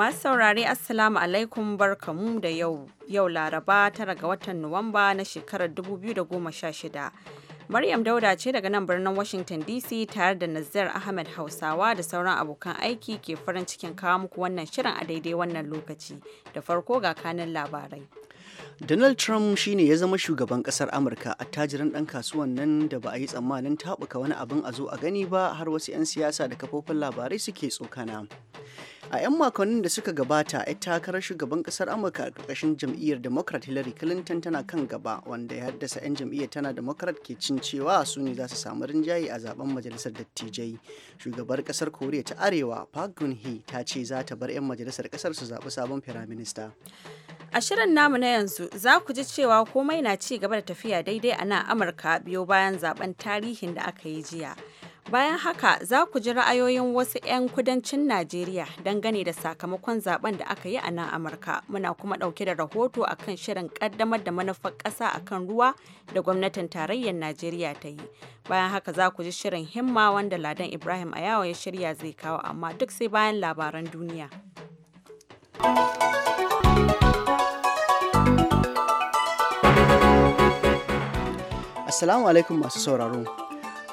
Masu saurare Assalamu alaikum barkamu da yau yau Laraba tara ga watan Nuwamba na shekarar 2016. Maryam Dauda ce daga nan birnin Washington DC tare da Nazir Ahmed Hausawa da sauran abokan aiki ke farin cikin kawo muku wannan shirin a daidai wannan lokaci. Da farko ga kanin labarai. Donald Trump shine ya zama shugaban kasar Amurka a tajirin ɗan kasuwan nan da ba a yi tsammanin taɓuka wani abin a zo a gani ba har wasu 'yan siyasa da kafofin labarai suke tsokana. a 'yan makonnin da suka gabata 'yar takarar shugaban kasar amurka a ƙarƙashin jam'iyyar democrat hillary clinton tana kan gaba wanda ya haddasa 'yan jam'iyyar tana democrat ke cin cewa su ne za su samu rinjaye a zaben majalisar dattijai shugabar kasar koriya ta arewa park geun hye ta ce za ta bar 'yan majalisar kasar su zaɓi sabon firaminista A shirin namu na yanzu za ku ji cewa komai na ci gaba da tafiya daidai a nan Amurka biyo bayan zaben tarihin da aka yi jiya. Bayan haka za ku ji ra'ayoyin wasu 'yan kudancin Najeriya dangane da sakamakon zaben da aka yi a nan Amurka. Muna kuma ɗauke da rahoto a kan shirin ƙaddamar da manufar ƙasa a kan ruwa da gwamnatin tarayyar Najeriya ta yi. Bayan haka za ku ji shirin himma wanda Ladan Ibrahim Ayawa ya shirya zai kawo amma duk sai bayan labaran duniya. Assalamu alaikum masu sauraro.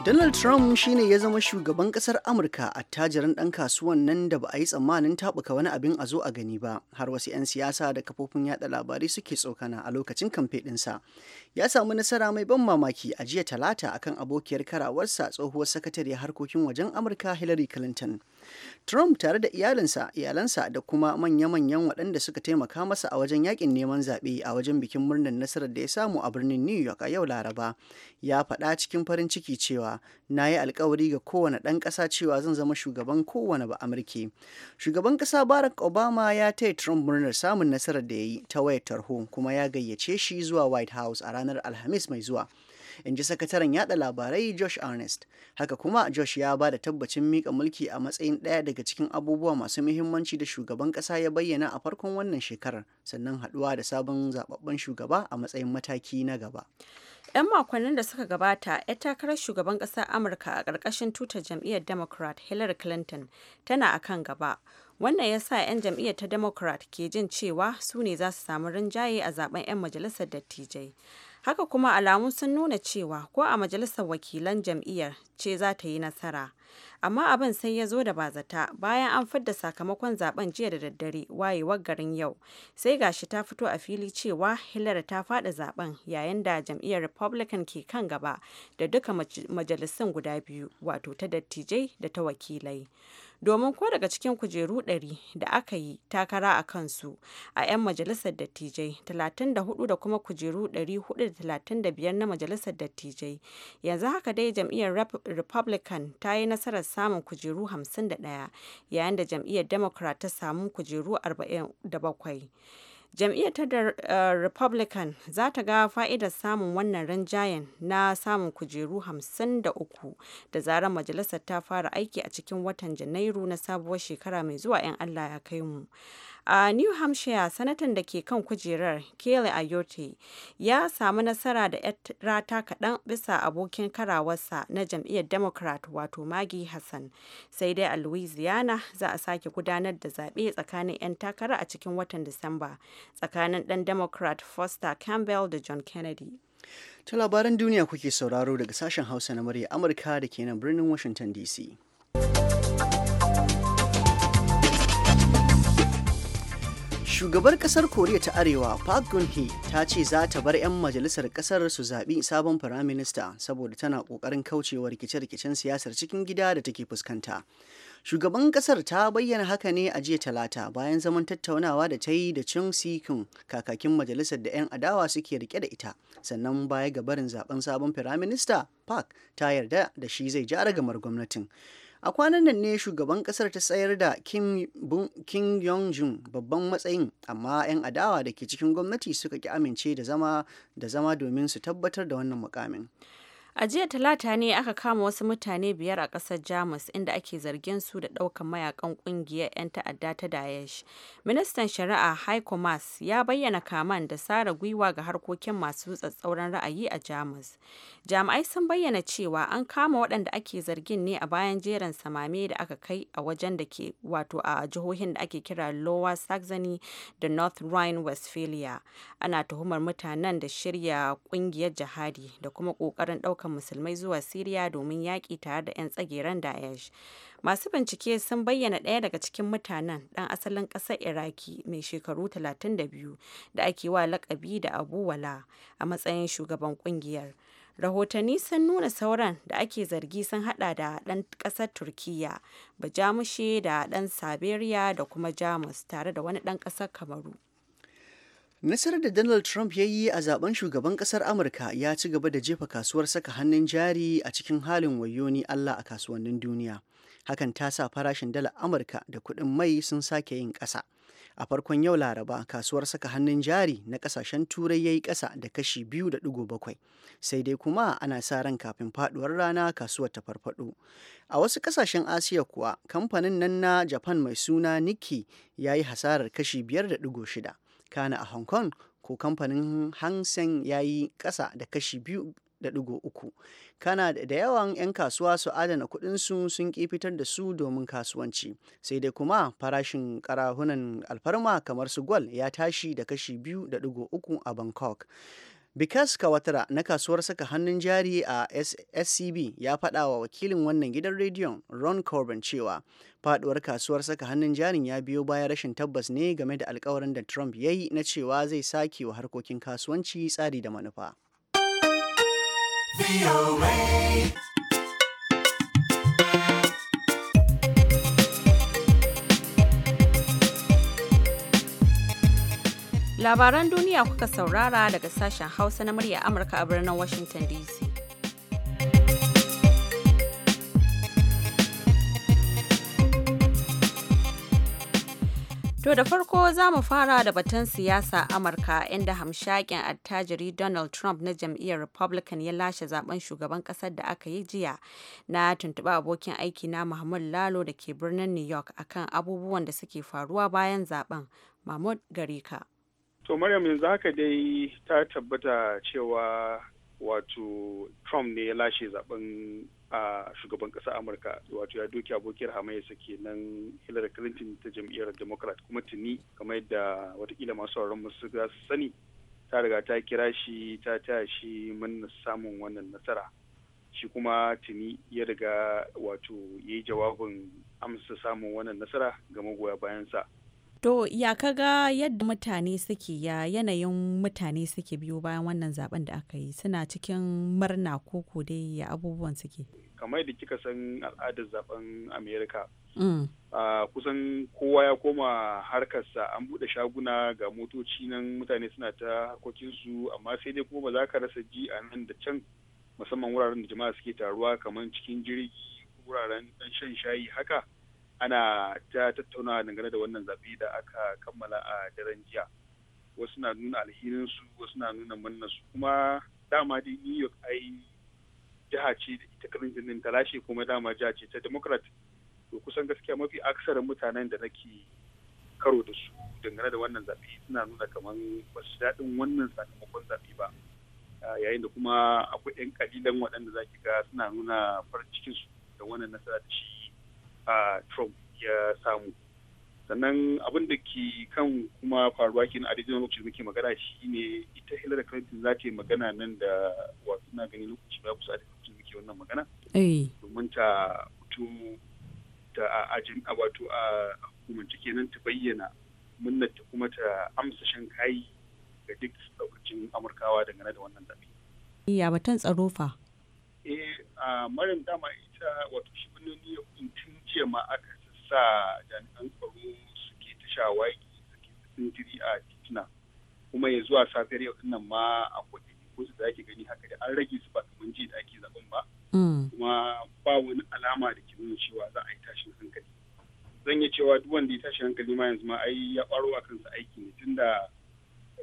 Donald Trump shi ne ya zama shugaban kasar Amurka a tajirin ɗan kasuwan nan da ba a yi tsammanin taɓuka wani abin a zo a gani ba, har wasu 'yan siyasa da kafofin yaɗa labarai suke tsokana a lokacin kamfe ɗinsa. ya samu nasara mai ban mamaki a jiya talata akan abokiyar karawarsa tsohuwar sakatare harkokin wajen amurka hillary clinton trump tare da iyalinsa iyalansa da kuma manya-manyan waɗanda suka taimaka masa a wajen yakin neman zaɓe a wajen bikin murnar nasarar da ya samu a birnin new york a yau laraba ya faɗa cikin farin ciki cewa na yi alkawari ga kowane ɗan ƙasa cewa zan zama shugaban kowane ba amurki shugaban ƙasa barack obama ya taya trump murnar samun nasarar da ya yi ta wayar tarho kuma ya gayyace shi zuwa white house a ranar ranar Alhamis mai zuwa. in ji sakataren yada labarai josh ernest haka kuma josh ya ba da tabbacin mika mulki a matsayin ɗaya daga cikin abubuwa masu muhimmanci da shugaban ƙasa ya bayyana a farkon wannan shekarar sannan haɗuwa da sabon zababben shugaba a matsayin mataki na gaba 'yan makonnin da suka gabata 'yar takarar shugaban ƙasar amurka a ƙarƙashin tutar jam'iyyar democrat hillary clinton tana a kan gaba wannan ya sa 'yan jam'iyyar ta democrat ke jin cewa su ne za su samu rinjaye a zaben 'yan majalisar dattijai Haka kuma alamu sun nuna cewa ko a majalisar wakilan jam'iyyar ce za ta yi nasara. Amma abin sai ya zo da bazata bayan an fidda sakamakon zaben jiya da daddare wayewar garin yau. Sai gashi ta fito a fili cewa Hillary ta faɗi zaben yayin da jam'iyyar Republican ke kan gaba da duka majalisun guda biyu wato ta dattijai da ta wakilai. domin ko daga cikin kujeru 100 da aka yi takara a kansu a 'yan majalisar dattijai 34 da kuma kujeru 435 na majalisar dattijai yanzu haka dai jam'iyyar republican ta yi nasarar samun kujeru 51 yayin da jam'iyyar democrat ta samu kujeru 47 jam'iyyar ta da eh, republican za ta ga fa'idar samun wannan rinjayen na samun kujeru 53 da zarar majalisar ta fara aiki a cikin watan janairu na sabuwar shekara mai zuwa 'yan allah ya kai mu a new hampshire sanatan da ke kan kujerar kelly ayote ya samu nasara da 'yar rata kaɗan bisa abokin karawarsa na jam'iyyar democrat wato maggie hassan sai dai a louisiana za a sake gudanar da zaɓe tsakanin 'yan takara a cikin watan disamba tsakanin ɗan democrat foster campbell da john kennedy ta labaran duniya kuke sauraro daga sashen hausa na murya amurka da ke nan birnin washington dc shugabar kasar koriya ta arewa park geun-hye ta ce za ta bar 'yan majalisar kasar su zaɓi sabon firaminista saboda tana kokarin kaucewa rikice-rikicen siyasar cikin gida da take fuskanta shugaban kasar ta bayyana haka ne a jiya talata bayan zaman tattaunawa da ta yi da chung si kakakin majalisar da 'yan adawa suke rike da ita sannan baya ga barin zaben sabon firaminista park ta yarda da shi zai ja ragamar gwamnatin a kwanan nan ne shugaban kasar ta tsayar da kim, yong jun babban matsayin amma 'yan adawa da ke cikin gwamnati suka ki amince da zama domin su tabbatar da wannan mukamin A jiya talata ne aka kama wasu mutane biyar a ƙasar Jamus inda ake zargin su da ɗaukan mayakan ƙungiyar 'yan ta'adda ta Daesh. Ministan Shari'a Heiko Maas ya bayyana kaman da sara gwiwa ga harkokin masu tsatsauran ra'ayi a Jamus. Jami'ai sun bayyana cewa an kama waɗanda ake zargin ne a bayan jeran samame da aka kai a wajen da ke wato a jihohin da ake kira Lower Saxony da North Rhine-Westphalia. Ana tuhumar mutanen da shirya ƙungiyar jihadi da kuma ƙoƙarin ɗaukar dukkan musulmai zuwa Siriya domin yaƙi tare da 'yan tsageren Daesh. Masu bincike sun bayyana ɗaya daga cikin mutanen ɗan asalin ƙasar Iraki mai shekaru 32 da ake wa lakabi da Abu Wala a matsayin shugaban ƙungiyar. rahotanni sun nuna sauran da ake zargi sun hada da dan kasar turkiya bajamushe da dan saberiya da kuma jamus tare da wani ɗan ƙasar kamaru Nasarar da Donald Trump ya yi a zaben shugaban kasar Amurka ya ci gaba da jefa kasuwar saka hannun jari a cikin halin wayoni Allah a kasuwannin duniya. Hakan ta sa farashin dala Amurka da kuɗin mai sun sake yin ƙasa. A farkon yau Laraba kasuwar saka hannun jari na ƙasashen Turai ya yi ƙasa da kashi biyu da ɗigo bakwai. Sai dai kuma ana sa ran kafin faɗuwar rana kasuwar ta farfaɗo. A wasu ƙasashen Asiya kuwa kamfanin nan na Japan mai suna Nikki ya yi hasarar kashi biyar da ɗigo shida. kana a hong kong ko kamfanin hang seng ya yi ƙasa da kashi biyu da ɗigo uku kana da yawan 'yan kasuwa su adana kuɗinsu sun ƙi fitar da su domin kasuwanci sai dai kuma farashin karahunan alfarma kamar su gwal ya tashi da kashi biyu da ɗigo uku a bangkok Bikas Kawatara na kasuwar saka hannun jari a SCB ya faɗa wa wakilin wannan gidan rediyon Ron Corbin cewa faɗuwar kasuwar saka hannun jarin ya biyo baya rashin tabbas ne game da alkawarin da Trump ya yi na cewa zai sake wa harkokin kasuwanci tsari da manufa. Labaran duniya kuka saurara daga sashen Hausa na murya Amurka a birnin Washington DC. To da farko za mu fara da batun siyasa Amurka inda hamshakin attajiri Donald Trump na jam'iyyar Republican ya lashe zaben shugaban kasar da aka yi jiya na tuntuɓa abokin aiki na Muhammad Lalo da ke birnin New York akan abubuwan da suke faruwa bayan zaben. Mahmud Garika. To Maryam yanzu haka dai ta tabbata cewa wato Trump ne ya lashe zaben a shugaban ƙasar Amurka wato ya doki abokiyar sake nan Hillary Clinton ta jam'iyyar Democrat kuma tuni kamar yadda watakila masu sauraron mu su sani ta riga ta kira shi ta taya shi manna samun wannan nasara shi kuma tuni ya riga wato ya yi jawabin amsa samun wannan nasara ga magoya bayansa. To ya kaga yadda mutane suke ya yanayin mutane suke biyo bayan wannan zaben da aka yi suna cikin murna ko dai ya abubuwan suke. Kamar da kika san al'adar zaben Amerika. Mm. kusan kowa ya koma harkarsa an buɗe shaguna ga motoci nan mutane suna ta harkokinsu amma sai dai kuma ba za ka rasa ji a nan da can musamman wuraren da jama'a suke taruwa kamar cikin jirgi wuraren dan shan shayi haka. ana ta tattauna dangane da wannan zaɓe da aka kammala a daren jiya wasu na nuna alhininsu wasu na nuna su kuma dama dai new york ai jiha ce da ita kanin-jirgin ta lashe kuma dama jiha ce ta democrat to kusan gaskiya mafi aksarin mutanen da nake karo da su dangane da wannan zaɓe suna nuna kamar ba daɗin wannan sakamakon zaɓe ba yayin da kuma akwai 'yan kalilan waɗanda za ki ga suna nuna farin cikinsu da wannan nasara da shi trump ya samu sannan abin da ke kan kuma faruwa ke na adadin lokacin muke magana shi ne ita hillary clinton za ta yi magana nan da wasu na gani lokaci ba kusa da lokacin muke wannan magana eh. domin ta fito ta ajin a wato a hukumance kenan ta bayyana munna ta kuma ta amsa shan kayi ga duk lokacin amurkawa dangane da wannan zaɓe. ya batun tsaro fa eh a marin dama ita wato shi ne ya kuntin jiya ma aka sa jami'an tsaro suke ta shawagi suke jiri a titina kuma ya zuwa safiyar yau nan ma kudi ko da ake gani haka da an rage su ba mun jiya da ake zaben ba mm. kuma ba wani alama da ke nuna cewa za a yi tashin hankali zan yi cewa duk wanda ya tashi hankali ma yanzu ma ai ya ɓaro a kansa aiki ne tunda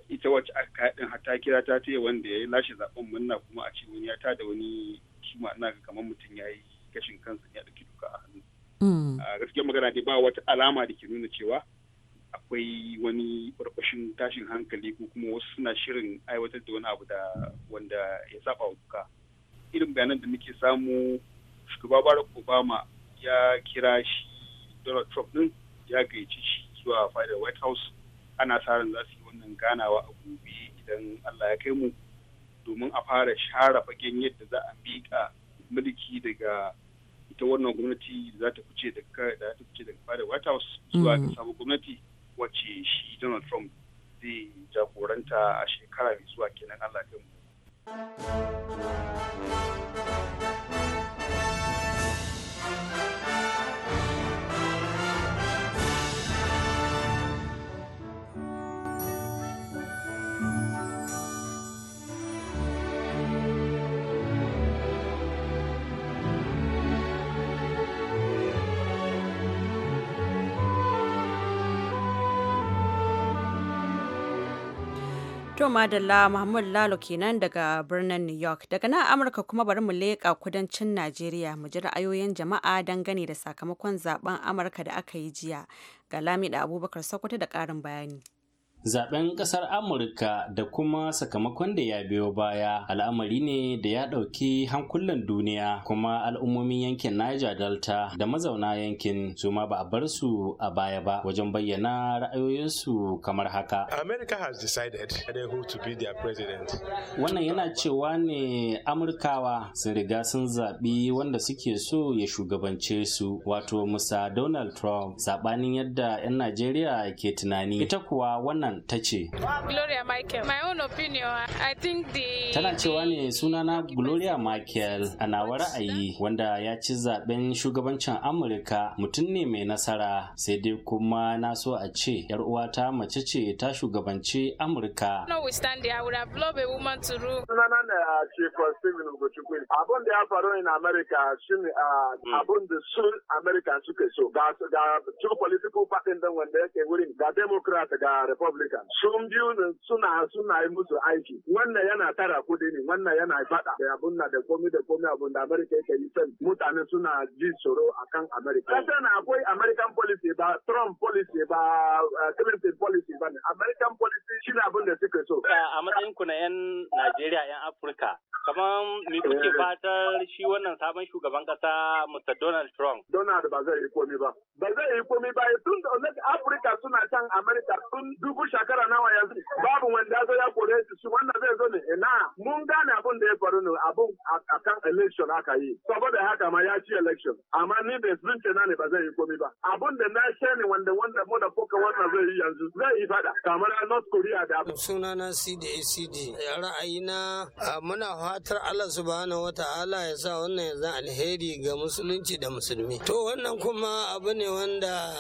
ita wacce aka din hatta kira ta taya wanda ya lashe zaben muna, kuma a ce wani ya tada wani kima ina ga kamar mutum ya yi gashin kansa ya ɗauki duka a hannu Mm. gaskiyar magana dai ba wata alama da ke nuna cewa akwai wani barbashin tashin hankali ko kuma wasu suna shirin aiwatar da wani abu da wanda ya saba wa duka irin bayanan da muke samu shugaba barack obama ya kira shi donald trump din ya gayyaci shi zuwa fadar white house ana sa ran za su yi wannan ganawa a gobe idan allah ya kai mu domin a fara share fagen yadda za a mika mulki daga ita wannan gwamnati za ta fice daga da fice daga fada White House zuwa mm. sabon gwamnati wacce shi Donald Trump zai jagoranta a shekara mai zuwa kenan Allah ya mu. To Madalla Muhammad Lalo kenan daga birnin New York. Daga nan Amurka kuma bari mu leƙa kudancin Najeriya mu ji ra'ayoyin jama'a dangane da sakamakon zaben Amurka da aka yi jiya. Ga Lamida Abubakar Sokoto da ƙarin bayani. zaben kasar amurka da kuma sakamakon da ya biyo baya al'amari ne da ya ɗauki hankulan duniya kuma al'ummomin yankin niger delta da mazauna yankin su ma ba a bar su a baya ba wajen bayyana ra'ayoyinsu kamar haka america has decided who to be their president wannan yana cewa ne amurkawa sun riga sun zaɓi wanda suke so ya shugabance su wato musa donald trump sabanin yadda 'yan najeriya ke tunani ita kuwa wannan Michael ta ce. Gloria Michael, my own opinion, I think the... Tana cewa ne sunana Gloria Michael a nawa ra'ayi wanda ya ci zaben shugabancin Amurka mutum ne mai nasara sai dai kuma na so a ce yar uwata mace ce ta shugabanci Amurka. No we stand there, I would have loved a woman to rule. Sunana ne a uh, Chief Stephen Ogochukwu. Abun da ya faru in America shi ne uh, mm. abun da su Amurka suke so. Ga two political parties wanda yake wurin ga Democrat ga Republic. Afirka. sun biyu suna suna yi musu aiki wannan yana tara kudi ne wannan yana fada da abun da komi da komi abun da Amerika yake yi sai mutane suna ji tsoro akan Amerika. Kasan akwai American policy ba Trump policy ba eh, Clinton policy ba ne American policy shi abun da suke so. Eh, a matsayin ku na 'yan Najeriya 'yan Afirka kamar me kuke eh. fatar shi wannan sabon shugaban kasa Mr. Donald Trump. Donald ba zai yi komi ba. Ba zai yi komi ba tun da Afirka suna can Amerika tun dubu ko shakara nawa yanzu babu wanda zo ya kore su shi wannan zai zo ne ina mun ga wannan abun a kan election aka yi saboda haka ma ya ci election amma ni da zuciya na ne ba zai yi komi ba abun da na shani wanda wanda mu da kuka wannan zai yi yanzu zai yi fada kamar North Korea da na CDACD na. muna fatar Allah subhanahu ta'ala ya sa wannan yanzu alheri ga musulunci da musulmi to wannan kuma abu ne wanda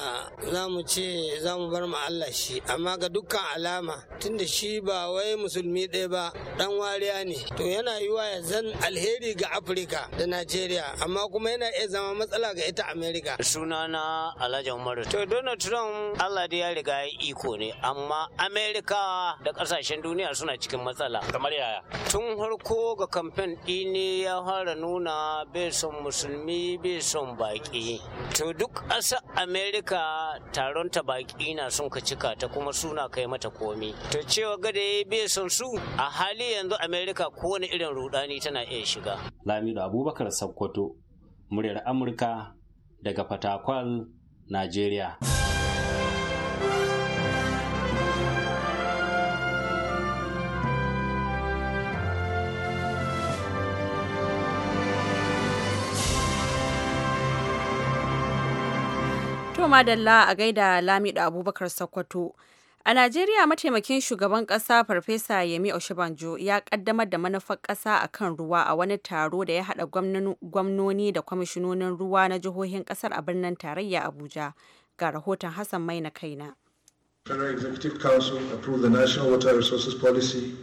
za mu ce za mu bar mu Allah shi amma ga dukkan alama tunda shi ba wai musulmi ɗaya ba dan wariya ne to yana yiwa zan alheri ga Afirka da Najeriya amma kuma yana iya zama matsala ga ita Amerika. Sunana Alhaji Umaru. To Donald Trump Allah da ya riga ya iko ne amma Amerika da kasashen duniya suna cikin matsala. Kamar yaya? Tun harko ga kamfen ne ya fara nuna bai son musulmi bai son baƙi. To duk ƙasar Amerika taron ta baƙi na son ka cika ta kuma suna kai mata komi. To cewa gada ya bai son su a hali yanzu Amerika kowane irin ruɗa rani tana iya shiga lamido abubakar Sokoto, muryar amurka daga fatakwal najeriya To madalla a gaida Lamido Abubakar Sokoto. A Najeriya mataimakin shugaban ƙasa Farfesa Yemi Oshibanjo ya ƙaddamar da manufar ƙasa a kan ruwa a wani taro da ya haɗa gwamnoni da kwamishinonin ruwa na jihohin ƙasar a birnin tarayya Abuja. Ga rahoton Hassan mai na Kaina.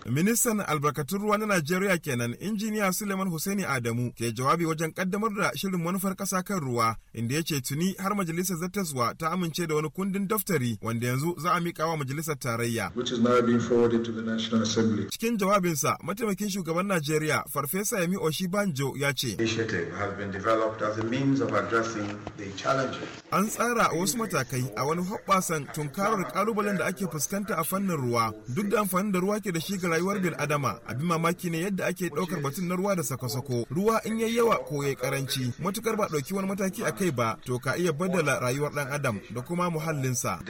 Ministan albarkatun ruwa na Najeriya kenan injiniya Suleiman Hussaini Adamu ke jawabi wajen kaddamar da shirin manufar ƙasa kan ruwa inda ya ce tuni har majalisar zattaswa ta amince da wani kundin daftari wanda yanzu za a miƙa wa majalisar tarayya. Cikin jawabinsa mataimakin shugaban Najeriya Farfesa Yemi Oshibanjo ya ce. An tsara wasu matakai a wani hoɓɓasan tunkarar kalubalen da ake fuskanta a fannin ruwa duk da amfani da ruwa ke da shi ga rayuwar bil adama abin mamaki ne yadda ake ɗaukar batun na ruwa da sako-sako ruwa in yayi yawa ko yayi karanci matukar ba ɗauki wani mataki a kai ba to ka iya baddala rayuwar ɗan adam da kuma muhallinsa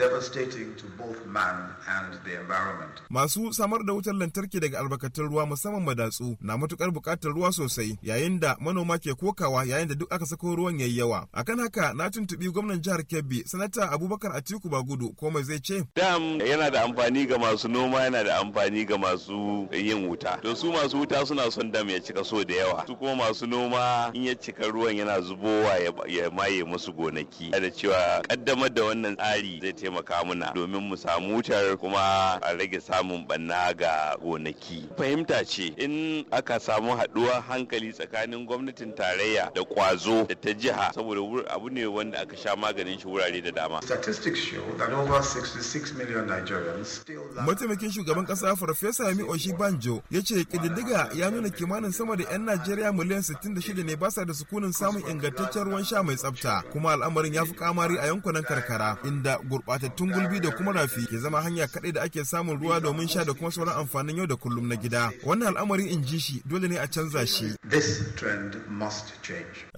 masu samar da wutar lantarki daga albarkatun ruwa musamman madatsu na matukar bukatar ruwa sosai yayin da manoma ke kokawa yayin da duk aka sako ruwan yayi yawa akan haka na tuntuɓi gwamnan jihar Kebbi sanata Abubakar Atiku Bagudu ko mai zai ce dam yana da amfani ga masu noma yana da amfani ga masu yin wuta to su masu wuta suna son dam ya cika so da yawa su kuma masu noma in ya cika ruwan yana zubowa ya maye musu gonaki da cewa kaddamar da wannan tsari zai taimaka muna domin mu samu wutar kuma a rage samun banna ga gonaki fahimta ce in aka samu haɗuwar hankali tsakanin gwamnatin tarayya da kwazo da ta jiha saboda abu ne wanda aka sha maganin shi wurare da dama statistics show that over 66 Mataimakin shugaban ƙasa Farfesa Yemi Oshibanjo ya ce ƙididdiga ya nuna kimanin sama da 'yan Najeriya miliyan 66 ne ba sa da sukunin samun ingantaccen ruwan sha mai tsafta kuma al'amarin ya fi kamari a yankunan karkara inda gurɓatattun gulbi da kuma rafi ke zama hanya kaɗai da ake samun ruwa domin sha da kuma sauran amfanin yau da kullum na gida. Wannan al'amarin in ji shi dole ne a canza shi.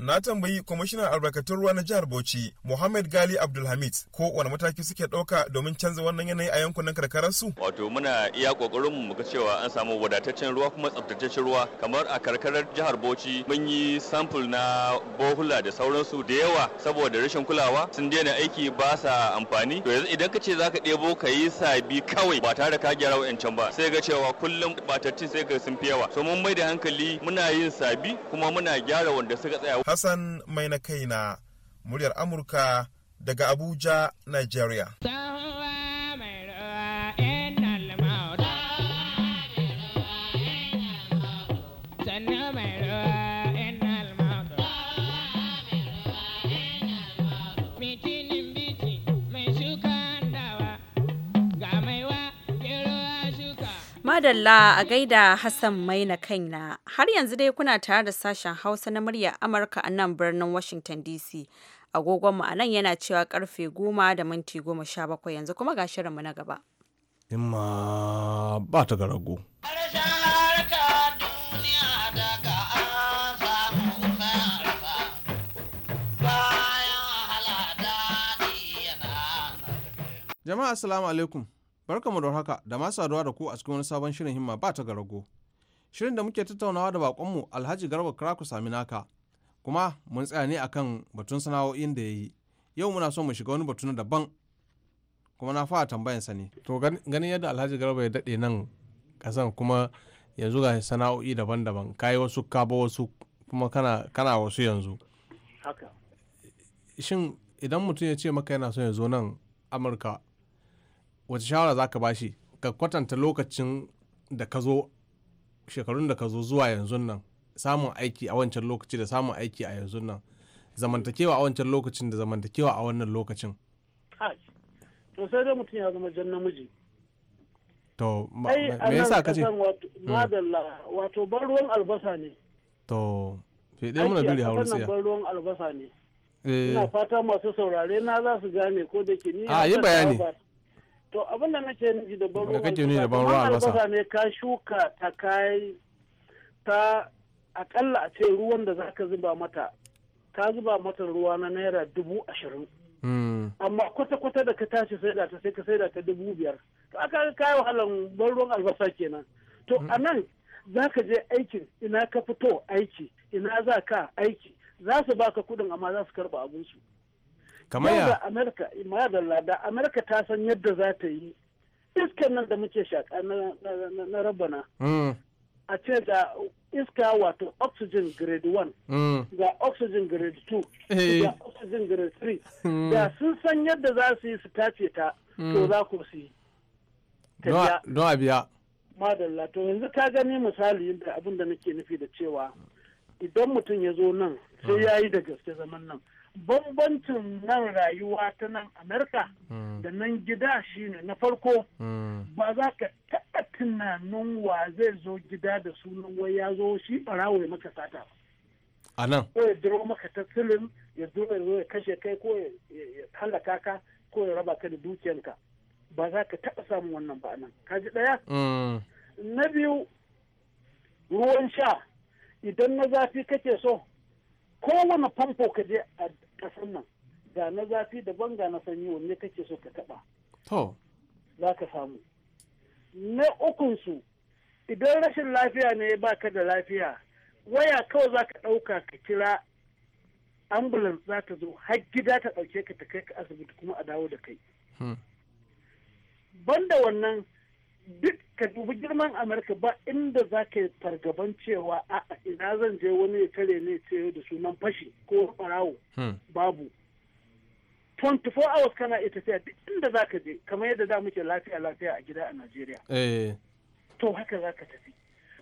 Na tambayi kwamishinan albarkatun ruwa na jihar Bauchi Muhammad Gali Abdulhamid ko wani mataki suke ɗauka domin canza yanzu wannan yanayi a yankunan karkararsu? Wato muna iya kokarin mu ga cewa an samu wadataccen ruwa kuma tsaftataccen ruwa kamar a karkarar jihar Bauchi mun yi sample na bohula da sauransu da yawa saboda rashin kulawa sun daina aiki ba sa amfani to yanzu idan ka ce zaka ɗebo ka yi sabi kawai ba tare ka gyara wa'ancan ba sai ga cewa kullum batattun sai ga sun fi yawa so mun mai da hankali muna yin sabi kuma muna gyara wanda suka tsaya. Hassan mai na kaina muryar Amurka daga Abuja, Nigeria. Madalla a gaida Hassan mai na kaina. Har yanzu dai kuna tare da sashen Hausa na muryar Amurka a nan birnin Washington DC. Agogonmu a nan yana cewa karfe goma da minti goma sha bakwai yanzu kuma ga shirinmu na gaba. Imma ba ta ga rago. Jama'a assalamu alaikum. barkamu da haka da masu saduwa da ku a cikin wani sabon shirin himma ba ta ga rago shirin da muke tattaunawa da bakonmu alhaji garba kraku naka kuma mun tsaya ne akan batun sana'o'in da ya yi yau muna so mu shiga wani batu na daban kuma na fara tambayan sa ne to ganin yadda alhaji garba ya daɗe nan kasan kuma yanzu ga sana'o'i daban-daban yi wasu ka ba wasu kuma kana kana wasu yanzu haka shin idan mutum ya ce maka yana son ya zo nan amurka wace shawara za ka bashi ka kwatanta lokacin da ka zo shekarun da ka zo zuwa yanzu nan samun aiki a wancan lokaci da samun aiki a yanzu nan zamantakewa a wancan lokacin da zamantakewa a wannan lokacin to sai dai mutum ya zama jan namiji to me yasa kace hmm. madalla wato ban ruwan albasa ne to sai dai muna dure hauru sai ban ruwan albasa ne eh. ina fata masu saurare na za su gane ko da ke ni a ah, yi bayani to abin da nake nufi da ban ruwa ne da ban ruwa albasa ne ka shuka ta kai ta akalla a ce ruwan da zaka zuba mata ka zuba mata ruwa na naira dubu ashirin hmm. amma kwata-kwata da ka tashi sai da ta sai ka sai da ta dubu biyar to aka kai wahalan ban ruwan albasa kenan to hmm. anan nan za ka je aikin ina ka fito aiki ina za ka aiki za su baka kudin amma za su karba abinsu kamar ya Amerika madalla da Amerika ta san yadda za ta yi iskar nan da muke shaka na rabana mm. a ce da iska wato oxygen grade 1 mm. ga oxygen grade 2 eh. ga oxygen grade 3 mm. da sun san yadda za su yi su tace ta to za ku su yi don abiya madalla to yanzu ka gani misali da abin da nake nufi da cewa idan mutum ya zo nan sai ya yi da gaske zaman nan bambancin nan rayuwa ta nan amurka mm. da nan gida shine na farko mm. ba za ka taɓa tunanin wa zai zo gida da sunan wai ya zo shi barawo ya maka sata a nan ko ya duro maka tattalin ya duro ya kashe kai ko ya halaka ka ko ya raba ka da dukiyanka ba za ka taɓa samun wannan ba nan kaji ɗaya mm. na biyu ruwan sha idan na zafi kake so kowane famfo ka je a kasan nan ga na zafi daban ga na sanyi wanne kake so ka taɓa to za ka samu na ukunsu idan rashin lafiya ne ba ka da lafiya waya kawai za ka ɗauka ka kira ambulance za ta zo har gida ta ɗauke ka ta kai ka asibiti kuma a dawo da kai hmm. banda wannan duk ka dubi girman amurka ba inda za ka yi fargaban cewa a ina zan je wani ya kare ne ce da sunan fashi ko farawo hmm. babu 24 hours kana iya tafiya duk inda za ka je kamar yadda za muke lafiya lafiya a gida a najeriya eh. to haka za ka tafi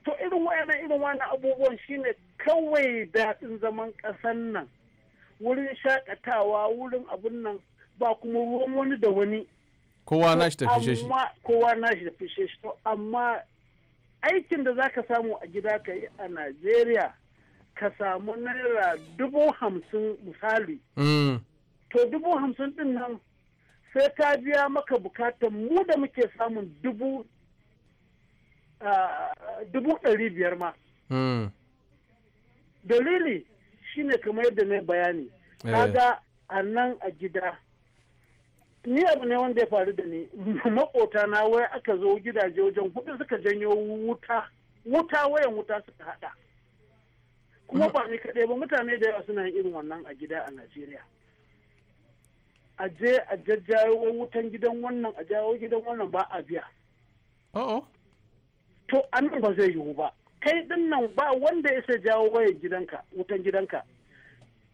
to irin wayanan irin wani abubuwan shine kawai daɗin zaman ƙasan nan wurin shakatawa wurin abun nan ba kuma ruwan wani da wani kowa na shi tafi shi kowa na shi tafi shi amma aikin da zaka samu a gida ka yi a Najeriya ka samu naira dubu hamsin misali mm. to dubu hamsin din nan sai ta biya maka bukatar mu da muke samun dubu dubu ɗari biyar ma mm. dalili shine kamar yadda na bayani eh. kaga a nan a gida ni abu ne wanda ya faru da ni makota na waya aka zo gidaje wajen hudu suka janyo wuta wuta wayan wuta suka hada kuma ba ni kaɗai ba mutane da yawa suna yin irin wannan a gida a najeriya a je a jajjawo wutan gidan wannan a jawo gidan wannan ba a biya to an ba zai yiwu ba kai din nan ba wanda ya sai jawo wayan gidanka wutan gidanka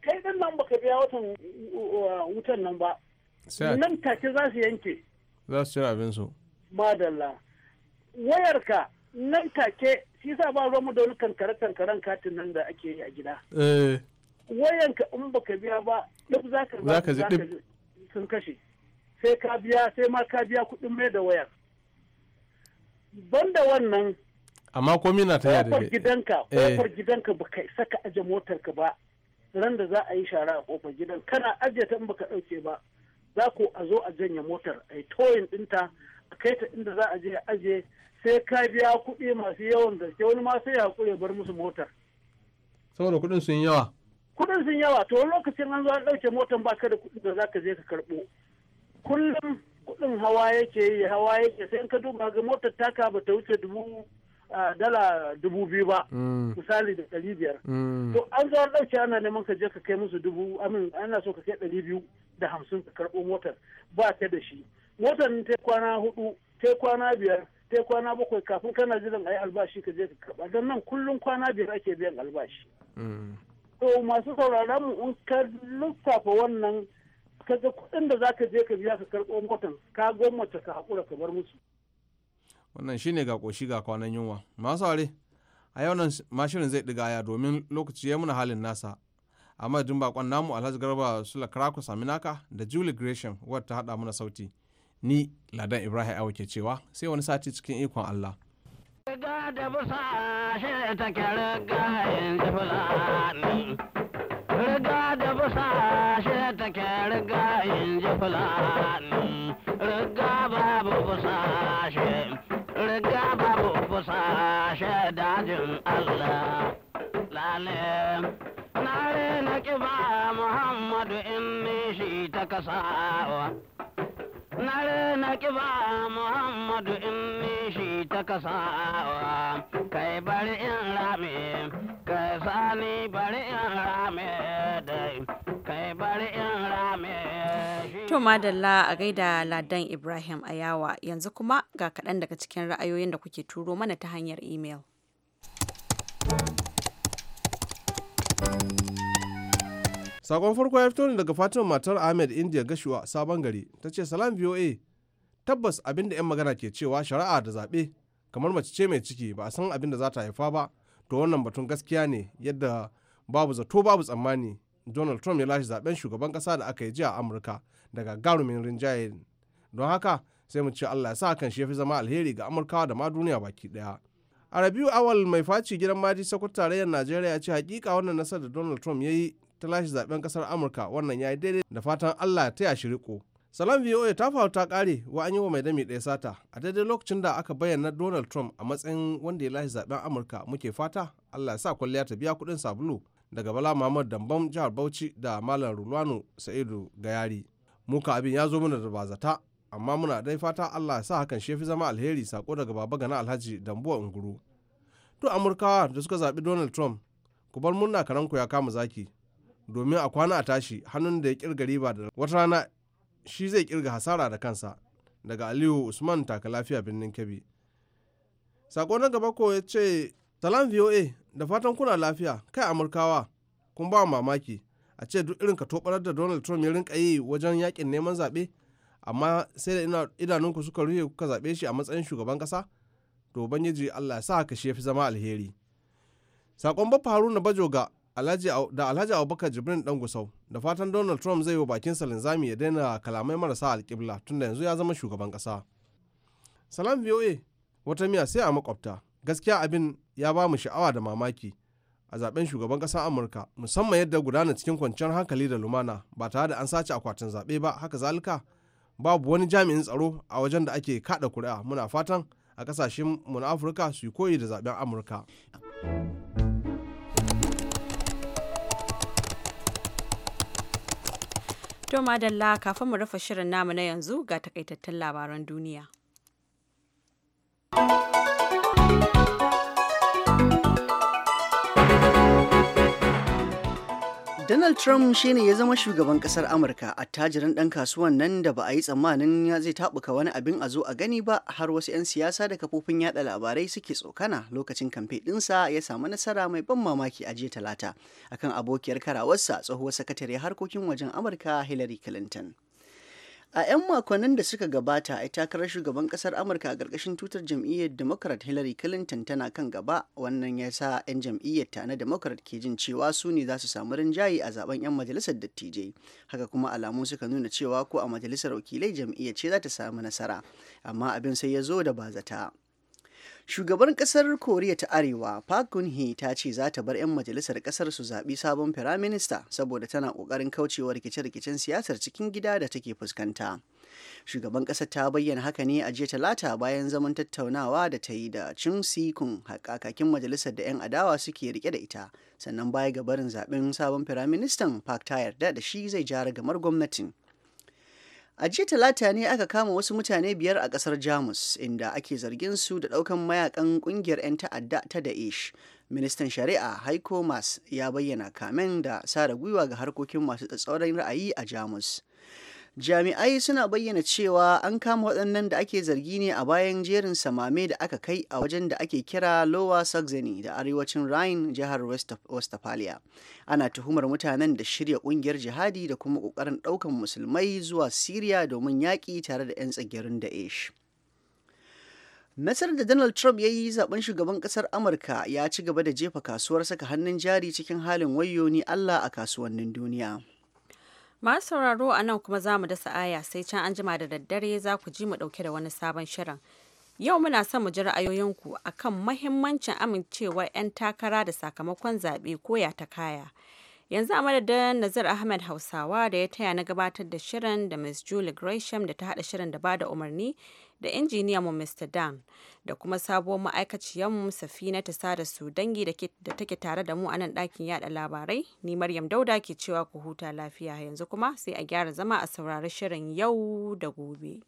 kai din nan baka biya uh, wutan nan ba nan take za su yanke za su cire abin su madalla wayarka nan take shi sa ba ruwanmu da wani kankare kankaren katin nan da ake yi a gida eh. wayanka in baka biya ba duk za ka za ka sun kashe sai ka biya sai ma ka biya kuɗin mai da wayar banda wannan amma komi na ta yadda eh. kofar gidanka kofar gidanka baka isa ka aje motarka ba ran da za a yi shara a kofar gidan kana aje ta in baka ɗauke ba za ku a zo a janya motar a yi toyin dinta a kai ta inda za a je a aje sai ka biya kuɗi masu yawan gaske wani ma sai ya bar musu motar. saboda kuɗin sun yawa. kuɗin sun yawa to wani lokacin an zo an ɗauke motar baka da kuɗi da za ka je ka karɓo kullum kuɗin hawa yake yi hawa yake sai in ka duba ga motar taka ba ta wuce dubu dala dubu biyu ba mm. misali da ɗari biyar mm. to an zo an ɗauke ana neman ka je ka kai musu dubu amin ana so ka kai ɗari biyu da hamsin ka karɓo motar ba ta da shi motar ta kwana hudu ta kwana biyar ta kwana bakwai kafin kana jiran a yi albashi ka je ka karɓa don nan kullum kwana biyar ake biyan albashi mm. to masu sauraron mu in ka lissafa wannan kaga kuɗin da zaka je ka biya ka karɓo motar ka gwamnati ka haƙura ka bar musu wannan ne ga ƙoshi ga kwanan yunwa masu ware a yau nan mashirin zai ɗiga ya domin lokaci ya muna halin nasa a madadin bakon namu alhaji garba sula kraku saminaka da julie gresham wadda ta haɗa mana sauti ni ladan ibrahim awa ke cewa sai wani sati cikin ikon allah Riga da busa shi ta yin Riga da busa shi ta yin Riga babu busa kusa shaidajin Allah lale na na kiba Muhammadu in shi ta kasawa na na kiba Muhammadu in shi ta kasawa kai bari in rame To madalla a gaida Ladan Ibrahim Ayawa yanzu kuma ga kaɗan daga cikin ra'ayoyin da kuke turo mana ta hanyar imel. Sakon farko ya fito ne daga Fatima matar Ahmed India Gashuwa Sabon Gari ta ce salam VOA tabbas abin da 'yan magana ke cewa shari'a da zaɓe kamar mace ce mai ciki ba a san abin da za ta haifa ba to wannan batun gaskiya ne yadda babu zato babu tsammani donald trump ya lashe zaben shugaban kasa da aka yi jiya a amurka daga garumin rinjaye don haka sai mu ce allah ya sa kan shi ya fi zama alheri ga amurkawa da ma duniya baki daya a rabiu awal mai faci gidan maji sakwat tarayyar najeriya ya ce hakika wannan nasarar da donald trump ya yi ta lashe zaben kasar amurka wannan ya yi daidai da fatan allah ya taya shi riko salam voa ta faru ta kare wa an yi wa mai dami ɗaya sata a daidai lokacin da aka bayyana donald trump a matsayin wanda ya lashe zaben amurka muke fata allah ya sa kwalliya ta biya kuɗin sabulu daga bala muhammad dambam jihar bauchi da malam rulwano sa'idu gayari muka abin ya zo mana da bazata amma muna dai fata allah ya sa hakan shefi zama alheri sako daga baba gana alhaji dambuwa unguru duk amurkawa da suka zaɓi donald trump ku bar murna ku ya kama zaki domin a kwana a tashi hannun da ya kirga riba da wata rana shi zai kirga hasara da kansa daga aliyu usman taka lafiya birnin kebbi sako na gaba ko ya ce salam voa da fatan kuna lafiya kai amurkawa kun ba mamaki a ce duk irin ka tobarar da donald trump ya rinka yi wajen yakin neman zaɓe amma sai da idanunku suka rufe kuka zaɓe shi a matsayin shugaban ƙasa to ubangiji allah ya sa haka shi ya fi zama alheri sakon bafa haruna bajoga da alhaji abubakar jibrin dan gusau da fatan donald trump zai yi wa bakinsa linzami ya daina kalamai marasa alƙibla tunda yanzu ya zama shugaban ƙasa salam voa wata miya sai a makwabta gaskiya abin ya ba mu sha'awa da mamaki a zaben shugaban ƙasar amurka musamman yadda gudana cikin kwanciyar hankali da lumana ba tare da an sace akwatin zaɓe ba haka zalika babu wani jami'in tsaro a wajen da ake kaɗa kuri'a muna fatan a ƙasashen mu na afirka su yi koyi da zaben amurka to madalla kafin mu rufe shirin namu na yanzu ga takaitattun labaran duniya Donald Trump shi ne ya zama shugaban kasar Amurka a attajirin ɗan kasuwan nan da ba a yi tsammanin ya zai taɓuka wani abin a zo a gani ba har wasu 'yan siyasa da kafofin yaɗa labarai suke tsokana lokacin kamfe ɗinsa ya samu nasara mai ban mamaki a jiya talata akan abokiyar karawarsa tsohuwar sakatare harkokin wajen Amurka Hillary Clinton. a 'yan makonnin da suka gabata a takarar shugaban kasar amurka a ƙarƙashin tutar jam'iyyar democrat hillary clinton tana kan gaba wannan ya sa 'yan jam'iyyar ta na democrat ke jin cewa su ne za su samu rinjaye a zaben 'yan majalisar dattijai haka kuma alamu suka nuna cewa ko a majalisar wakilai jam'iyyar ce za ta samu nasara amma abin sai ya zo da bazata Shugaban kasar Koriya ta Arewa Park Geun-hye ta ce za ta bar 'yan majalisar kasar su zaɓi sabon firaminista saboda tana ƙoƙarin kaucewa rikice-rikicen siyasar cikin gida da take fuskanta. Shugaban ƙasar ta bayyana haka ne a jiya talata bayan zaman tattaunawa da ta yi da Chung Si-kun kakakin majalisar da 'yan adawa suke rike da ita. Sannan baya ga barin zaɓen sabon firaministan Park ta yarda da shi zai jara gamar gwamnatin. A jiya talata ne aka kama wasu mutane biyar a kasar Jamus inda ake zargin su da daukan mayakan kungiyar 'yan ta'adda ta Daesh. Ministan Shari'a haiko mas ya bayyana kamen da sara gwiwa ga harkokin masu tsatsauran ra'ayi a Jamus. jami'ai suna bayyana cewa an kama waɗannan da ake zargi ne a bayan jerin samame da aka kai a wajen da ake kira lower saxony da arewacin rhine jihar westphalia ana tuhumar mutanen da shirya ƙungiyar jihadi da kuma ƙoƙarin ɗaukan musulmai zuwa syria domin yaƙi tare da 'yan tsagirin da ish Nasarar da Donald Trump ya yi zaben shugaban ƙasar Amurka ya ci gaba da jefa kasuwar saka hannun jari cikin halin wayo ni Allah a kasuwannin duniya. Masu sauraro a nan kuma za mu dasa aya sai can an jima da daddare za ku ji mu dauke da wani sabon shirin. Yau muna son mu ji ra'ayoyinku a kan mahimmancin amincewar 'yan takara da sakamakon zaɓe ko ya ta kaya. Yanzu a madadin Nazir Ahmed Hausawa da ya taya na gabatar da shirin da Ms. Julie Gresham da ta haɗa shirin da ba da umarni da injiniyanmu Mr. Dan da kuma sabuwar mu Safina ta sada su dangi da take tare da mu a nan ɗakin yada labarai. Ni Maryam Dauda ke cewa ku huta lafiya yanzu kuma sai a gyara zama a saurari shirin yau da gobe.